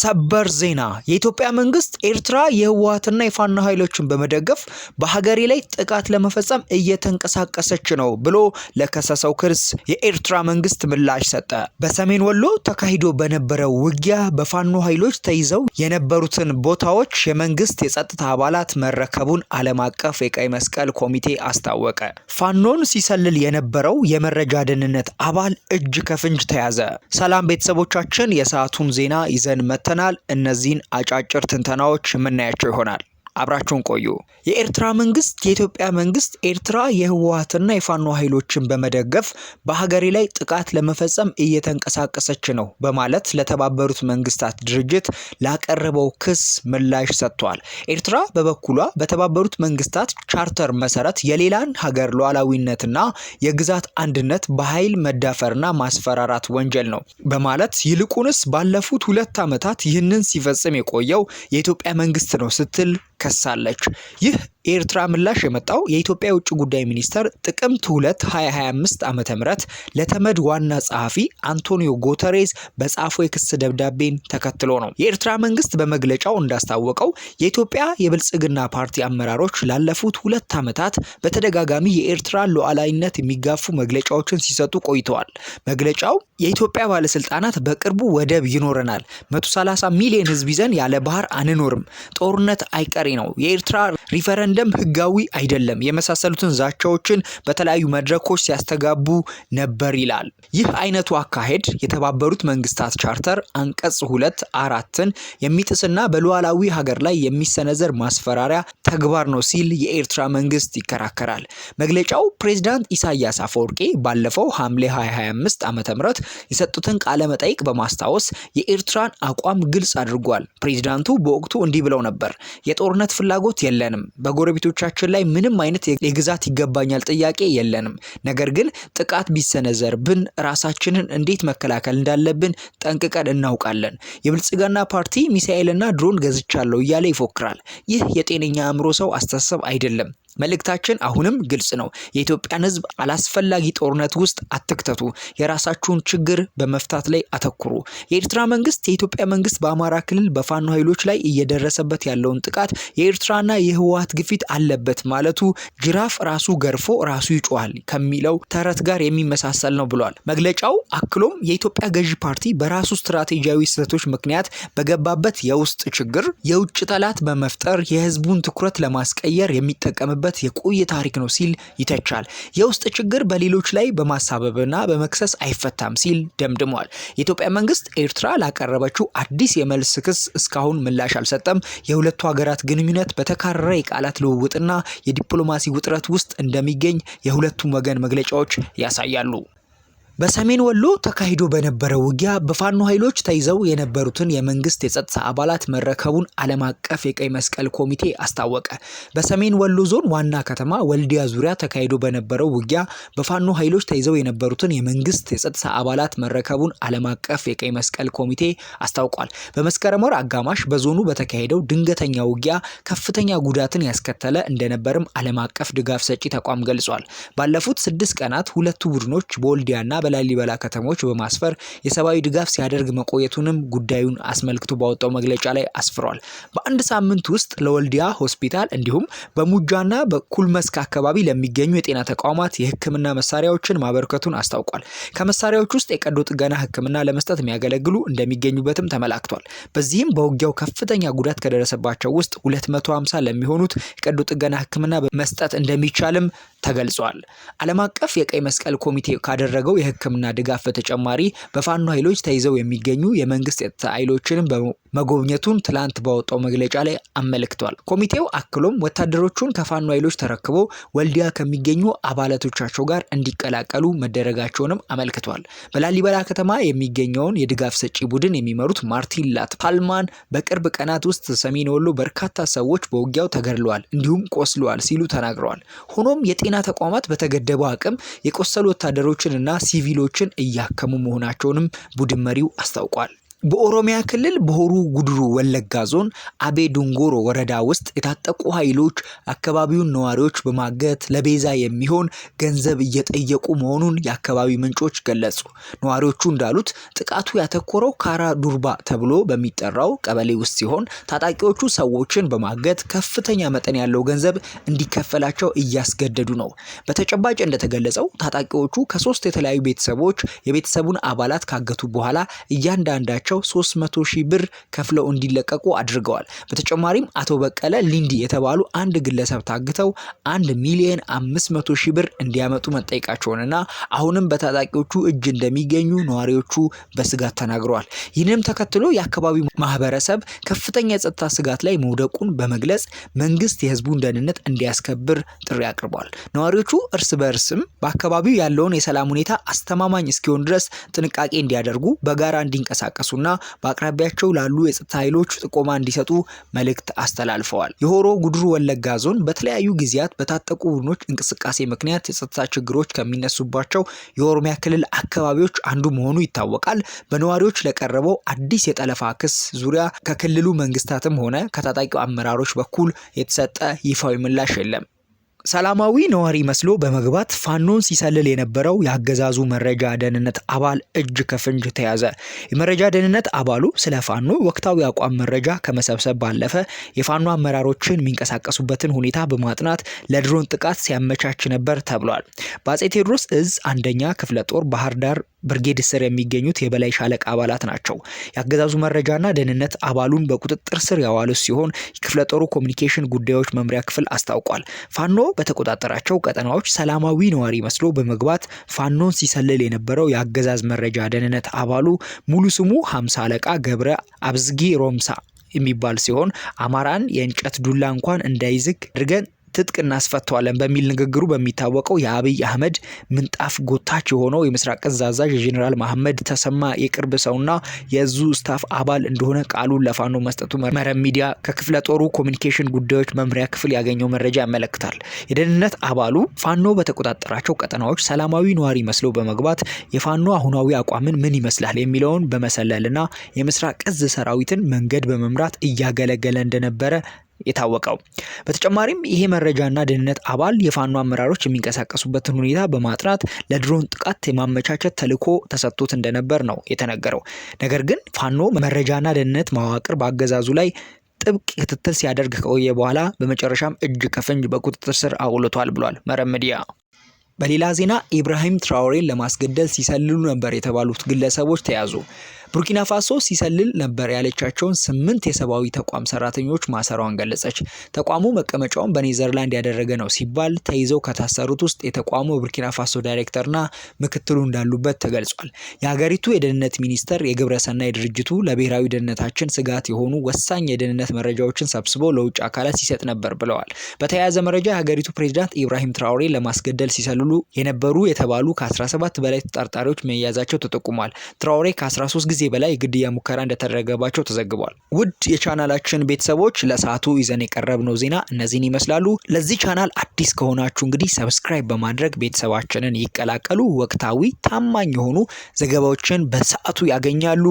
ሰበር ዜና የኢትዮጵያ መንግስት ኤርትራ የህወሀትና የፋኖ ኃይሎችን በመደገፍ በሀገሬ ላይ ጥቃት ለመፈጸም እየተንቀሳቀሰች ነው ብሎ ለከሰሰው ክርስ የኤርትራ መንግስት ምላሽ ሰጠ። በሰሜን ወሎ ተካሂዶ በነበረው ውጊያ በፋኖ ኃይሎች ተይዘው የነበሩትን ቦታዎች የመንግስት የጸጥታ አባላት መረከቡን ዓለም አቀፍ የቀይ መስቀል ኮሚቴ አስታወቀ። ፋኖን ሲሰልል የነበረው የመረጃ ደህንነት አባል እጅ ከፍንጅ ተያዘ። ሰላም ቤተሰቦቻችን፣ የሰዓቱን ዜና ይዘን መ ተመልክተናል። እነዚህን አጫጭር ትንተናዎች የምናያቸው ይሆናል። አብራችሁን ቆዩ። የኤርትራ መንግስት የኢትዮጵያ መንግስት ኤርትራ የህወሀትና የፋኖ ኃይሎችን በመደገፍ በሀገሬ ላይ ጥቃት ለመፈጸም እየተንቀሳቀሰች ነው በማለት ለተባበሩት መንግስታት ድርጅት ላቀረበው ክስ ምላሽ ሰጥቷል። ኤርትራ በበኩሏ በተባበሩት መንግስታት ቻርተር መሰረት የሌላን ሀገር ሉዓላዊነትና የግዛት አንድነት በኃይል መዳፈርና ማስፈራራት ወንጀል ነው በማለት ይልቁንስ ባለፉት ሁለት ዓመታት ይህንን ሲፈጽም የቆየው የኢትዮጵያ መንግስት ነው ስትል ትከሳለች። ይህ የኤርትራ ምላሽ የመጣው የኢትዮጵያ የውጭ ጉዳይ ሚኒስተር ጥቅምት 2 2025 ዓ.ም ለተመድ ዋና ጸሐፊ አንቶኒዮ ጉተሬዝ በጻፉ የክስ ደብዳቤን ተከትሎ ነው። የኤርትራ መንግስት በመግለጫው እንዳስታወቀው የኢትዮጵያ የብልጽግና ፓርቲ አመራሮች ላለፉት ሁለት ዓመታት በተደጋጋሚ የኤርትራ ሉዓላዊነት የሚጋፉ መግለጫዎችን ሲሰጡ ቆይተዋል። መግለጫው የኢትዮጵያ ባለስልጣናት በቅርቡ ወደብ ይኖረናል፣ 130 ሚሊዮን ህዝብ ይዘን ያለ ባህር አንኖርም፣ ጦርነት አይቀሬ ነው፣ የኤርትራ ሪፈረንድ መደምደም ህጋዊ አይደለም የመሳሰሉትን ዛቻዎችን በተለያዩ መድረኮች ሲያስተጋቡ ነበር ይላል። ይህ አይነቱ አካሄድ የተባበሩት መንግስታት ቻርተር አንቀጽ ሁለት አራትን የሚጥስና በሉዓላዊ ሀገር ላይ የሚሰነዘር ማስፈራሪያ ተግባር ነው ሲል የኤርትራ መንግስት ይከራከራል። መግለጫው ፕሬዚዳንት ኢሳያስ አፈወርቄ ባለፈው ሐምሌ 2025 ዓ ም የሰጡትን ቃለ መጠይቅ በማስታወስ የኤርትራን አቋም ግልጽ አድርጓል። ፕሬዚዳንቱ በወቅቱ እንዲህ ብለው ነበር የጦርነት ፍላጎት የለንም በጎ ጎረቤቶቻችን ላይ ምንም አይነት የግዛት ይገባኛል ጥያቄ የለንም። ነገር ግን ጥቃት ቢሰነዘርብን ራሳችንን እንዴት መከላከል እንዳለብን ጠንቅቀን እናውቃለን። የብልጽግና ፓርቲ ሚሳኤልና ድሮን ገዝቻለሁ እያለ ይፎክራል። ይህ የጤነኛ አእምሮ ሰው አስተሳሰብ አይደለም። መልእክታችን አሁንም ግልጽ ነው። የኢትዮጵያን ሕዝብ አላስፈላጊ ጦርነት ውስጥ አትክተቱ። የራሳችሁን ችግር በመፍታት ላይ አተኩሩ። የኤርትራ መንግስት የኢትዮጵያ መንግስት በአማራ ክልል በፋኖ ኃይሎች ላይ እየደረሰበት ያለውን ጥቃት የኤርትራና የህወሀት ግፊት አለበት ማለቱ ጅራፍ ራሱ ገርፎ ራሱ ይጮሃል ከሚለው ተረት ጋር የሚመሳሰል ነው ብሏል መግለጫው። አክሎም የኢትዮጵያ ገዢ ፓርቲ በራሱ ስትራቴጂያዊ ስህተቶች ምክንያት በገባበት የውስጥ ችግር የውጭ ጠላት በመፍጠር የህዝቡን ትኩረት ለማስቀየር የሚጠቀምበት የኖረበት የቆየ ታሪክ ነው ሲል ይተቻል። የውስጥ ችግር በሌሎች ላይ በማሳበብና በመክሰስ አይፈታም ሲል ደምድሟል። የኢትዮጵያ መንግስት ኤርትራ ላቀረበችው አዲስ የመልስ ክስ እስካሁን ምላሽ አልሰጠም። የሁለቱ ሀገራት ግንኙነት በተካረረ የቃላት ልውውጥና የዲፕሎማሲ ውጥረት ውስጥ እንደሚገኝ የሁለቱም ወገን መግለጫዎች ያሳያሉ። በሰሜን ወሎ ተካሂዶ በነበረው ውጊያ በፋኖ ኃይሎች ተይዘው የነበሩትን የመንግስት የጸጥታ አባላት መረከቡን ዓለም አቀፍ የቀይ መስቀል ኮሚቴ አስታወቀ። በሰሜን ወሎ ዞን ዋና ከተማ ወልዲያ ዙሪያ ተካሂዶ በነበረው ውጊያ በፋኖ ኃይሎች ተይዘው የነበሩትን የመንግስት የጸጥታ አባላት መረከቡን ዓለም አቀፍ የቀይ መስቀል ኮሚቴ አስታውቋል። በመስከረም ወር አጋማሽ በዞኑ በተካሄደው ድንገተኛ ውጊያ ከፍተኛ ጉዳትን ያስከተለ እንደነበርም ዓለም አቀፍ ድጋፍ ሰጪ ተቋም ገልጿል። ባለፉት ስድስት ቀናት ሁለቱ ቡድኖች በወልዲያና በላሊበላ ከተሞች በማስፈር የሰብአዊ ድጋፍ ሲያደርግ መቆየቱንም ጉዳዩን አስመልክቶ ባወጣው መግለጫ ላይ አስፍሯል። በአንድ ሳምንት ውስጥ ለወልዲያ ሆስፒታል እንዲሁም በሙጃና በኩልመስክ አካባቢ ለሚገኙ የጤና ተቋማት የህክምና መሳሪያዎችን ማበርከቱን አስታውቋል። ከመሳሪያዎች ውስጥ የቀዶ ጥገና ህክምና ለመስጠት የሚያገለግሉ እንደሚገኙበትም ተመላክቷል። በዚህም በውጊያው ከፍተኛ ጉዳት ከደረሰባቸው ውስጥ 250 ለሚሆኑት የቀዶ ጥገና ህክምና መስጠት እንደሚቻልም ተገልጿል። ዓለም አቀፍ የቀይ መስቀል ኮሚቴ ካደረገው የሕክምና ድጋፍ በተጨማሪ በፋኖ ኃይሎች ተይዘው የሚገኙ የመንግስት የጸጥታ ኃይሎችንም መጎብኘቱን ትላንት ባወጣው መግለጫ ላይ አመልክቷል። ኮሚቴው አክሎም ወታደሮቹን ከፋኖ ኃይሎች ተረክበው ወልዲያ ከሚገኙ አባላቶቻቸው ጋር እንዲቀላቀሉ መደረጋቸውንም አመልክቷል። በላሊበላ ከተማ የሚገኘውን የድጋፍ ሰጪ ቡድን የሚመሩት ማርቲን ላት ፓልማን በቅርብ ቀናት ውስጥ ሰሜን ወሎ በርካታ ሰዎች በውጊያው ተገድለዋል እንዲሁም ቆስለዋል ሲሉ ተናግረዋል። ሆኖም የጤና ተቋማት በተገደበው አቅም የቆሰሉ ወታደሮችን እና ሲቪ ሲቪሎችን እያከሙ መሆናቸውንም ቡድን መሪው አስታውቋል። በኦሮሚያ ክልል በሆሩ ጉድሩ ወለጋ ዞን አቤ ድንጎሮ ወረዳ ውስጥ የታጠቁ ኃይሎች አካባቢውን ነዋሪዎች በማገት ለቤዛ የሚሆን ገንዘብ እየጠየቁ መሆኑን የአካባቢ ምንጮች ገለጹ። ነዋሪዎቹ እንዳሉት ጥቃቱ ያተኮረው ካራ ዱርባ ተብሎ በሚጠራው ቀበሌ ውስጥ ሲሆን ታጣቂዎቹ ሰዎችን በማገት ከፍተኛ መጠን ያለው ገንዘብ እንዲከፈላቸው እያስገደዱ ነው። በተጨባጭ እንደተገለጸው ታጣቂዎቹ ከሶስት የተለያዩ ቤተሰቦች የቤተሰቡን አባላት ካገቱ በኋላ እያንዳንዳቸው በመጨረሻው 300 ሺህ ብር ከፍለው እንዲለቀቁ አድርገዋል። በተጨማሪም አቶ በቀለ ሊንዲ የተባሉ አንድ ግለሰብ ታግተው 1 ሚሊዮን 500 ሺህ ብር እንዲያመጡ መጠየቃቸውንና አሁንም በታጣቂዎቹ እጅ እንደሚገኙ ነዋሪዎቹ በስጋት ተናግረዋል። ይህንም ተከትሎ የአካባቢው ማህበረሰብ ከፍተኛ የጸጥታ ስጋት ላይ መውደቁን በመግለጽ መንግስት የህዝቡን ደህንነት እንዲያስከብር ጥሪ አቅርቧል። ነዋሪዎቹ እርስ በእርስም በአካባቢው ያለውን የሰላም ሁኔታ አስተማማኝ እስኪሆን ድረስ ጥንቃቄ እንዲያደርጉ በጋራ እንዲንቀሳቀሱና እና በአቅራቢያቸው ላሉ የጸጥታ ኃይሎች ጥቆማ እንዲሰጡ መልእክት አስተላልፈዋል። የሆሮ ጉድሩ ወለጋ ዞን በተለያዩ ጊዜያት በታጠቁ ቡድኖች እንቅስቃሴ ምክንያት የጸጥታ ችግሮች ከሚነሱባቸው የኦሮሚያ ክልል አካባቢዎች አንዱ መሆኑ ይታወቃል። በነዋሪዎች ለቀረበው አዲስ የጠለፋ ክስ ዙሪያ ከክልሉ መንግስታትም ሆነ ከታጣቂ አመራሮች በኩል የተሰጠ ይፋዊ ምላሽ የለም። ሰላማዊ ነዋሪ መስሎ በመግባት ፋኖን ሲሰልል የነበረው የአገዛዙ መረጃ ደህንነት አባል እጅ ከፍንጅ ተያዘ። የመረጃ ደህንነት አባሉ ስለ ፋኖ ወቅታዊ አቋም መረጃ ከመሰብሰብ ባለፈ የፋኖ አመራሮችን የሚንቀሳቀሱበትን ሁኔታ በማጥናት ለድሮን ጥቃት ሲያመቻች ነበር ተብሏል። በአጼ ቴዎድሮስ እዝ አንደኛ ክፍለ ጦር ባህር ዳር ብርጌድ ስር የሚገኙት የበላይ ሻለቃ አባላት ናቸው። የአገዛዙ መረጃና ደህንነት አባሉን በቁጥጥር ስር ያዋሉ ሲሆን የክፍለ ጦሩ ኮሚኒኬሽን ጉዳዮች መምሪያ ክፍል አስታውቋል። ፋኖ በተቆጣጠራቸው ቀጠናዎች ሰላማዊ ነዋሪ መስሎ በመግባት ፋኖን ሲሰልል የነበረው የአገዛዝ መረጃ ደህንነት አባሉ ሙሉ ስሙ ሀምሳ አለቃ ገብረ አብዝጊ ሮምሳ የሚባል ሲሆን አማራን የእንጨት ዱላ እንኳን እንዳይዝግ አድርገን ትጥቅ እናስፈተዋለን በሚል ንግግሩ በሚታወቀው የአብይ አህመድ ምንጣፍ ጎታች የሆነው የምስራቅ እዝ አዛዥ የጄኔራል መሐመድ ተሰማ የቅርብ ሰውና የዙ ስታፍ አባል እንደሆነ ቃሉን ለፋኖ መስጠቱ መረብ ሚዲያ ከክፍለ ጦሩ ኮሚኒኬሽን ጉዳዮች መምሪያ ክፍል ያገኘው መረጃ ያመለክታል። የደህንነት አባሉ ፋኖ በተቆጣጠራቸው ቀጠናዎች ሰላማዊ ነዋሪ መስለው በመግባት የፋኖ አሁናዊ አቋምን ምን ይመስላል የሚለውን በመሰለልና የምስራቅ እዝ ሰራዊትን መንገድ በመምራት እያገለገለ እንደነበረ የታወቀው። በተጨማሪም ይሄ መረጃና ደህንነት አባል የፋኖ አመራሮች የሚንቀሳቀሱበትን ሁኔታ በማጥናት ለድሮን ጥቃት የማመቻቸት ተልዕኮ ተሰጥቶት እንደነበር ነው የተነገረው። ነገር ግን ፋኖ መረጃና ደህንነት መዋቅር በአገዛዙ ላይ ጥብቅ ክትትል ሲያደርግ ከቆየ በኋላ በመጨረሻም እጅ ከፍንጅ በቁጥጥር ስር አውልቷል ብሏል መረብ ሚዲያ። በሌላ ዜና ኢብራሂም ትራውሬን ለማስገደል ሲሰልሉ ነበር የተባሉት ግለሰቦች ተያዙ። ቡርኪና ፋሶ ሲሰልል ነበር ያለቻቸውን ስምንት የሰብአዊ ተቋም ሰራተኞች ማሰሯን ገለጸች። ተቋሙ መቀመጫውን በኔዘርላንድ ያደረገ ነው ሲባል ተይዘው ከታሰሩት ውስጥ የተቋሙ የቡርኪና ፋሶ ዳይሬክተርና ምክትሉ እንዳሉበት ተገልጿል። የሀገሪቱ የደህንነት ሚኒስተር የግብረሰናይ ድርጅቱ ለብሔራዊ ደህንነታችን ስጋት የሆኑ ወሳኝ የደህንነት መረጃዎችን ሰብስቦ ለውጭ አካላት ሲሰጥ ነበር ብለዋል። በተያያዘ መረጃ የሀገሪቱ ፕሬዚዳንት ኢብራሂም ትራውሬ ለማስገደል ሲሰልሉ የነበሩ የተባሉ ከ17 በላይ ተጠርጣሪዎች መያዛቸው ተጠቁሟል። ትራውሬ ከ13 ጊዜ በላይ ግድያ ሙከራ እንደተደረገባቸው ተዘግቧል። ውድ የቻናላችን ቤተሰቦች ለሰዓቱ ይዘን የቀረብነው ዜና እነዚህን ይመስላሉ። ለዚህ ቻናል አዲስ ከሆናችሁ እንግዲህ ሰብስክራይብ በማድረግ ቤተሰባችንን ይቀላቀሉ። ወቅታዊ ታማኝ የሆኑ ዘገባዎችን በሰዓቱ ያገኛሉ።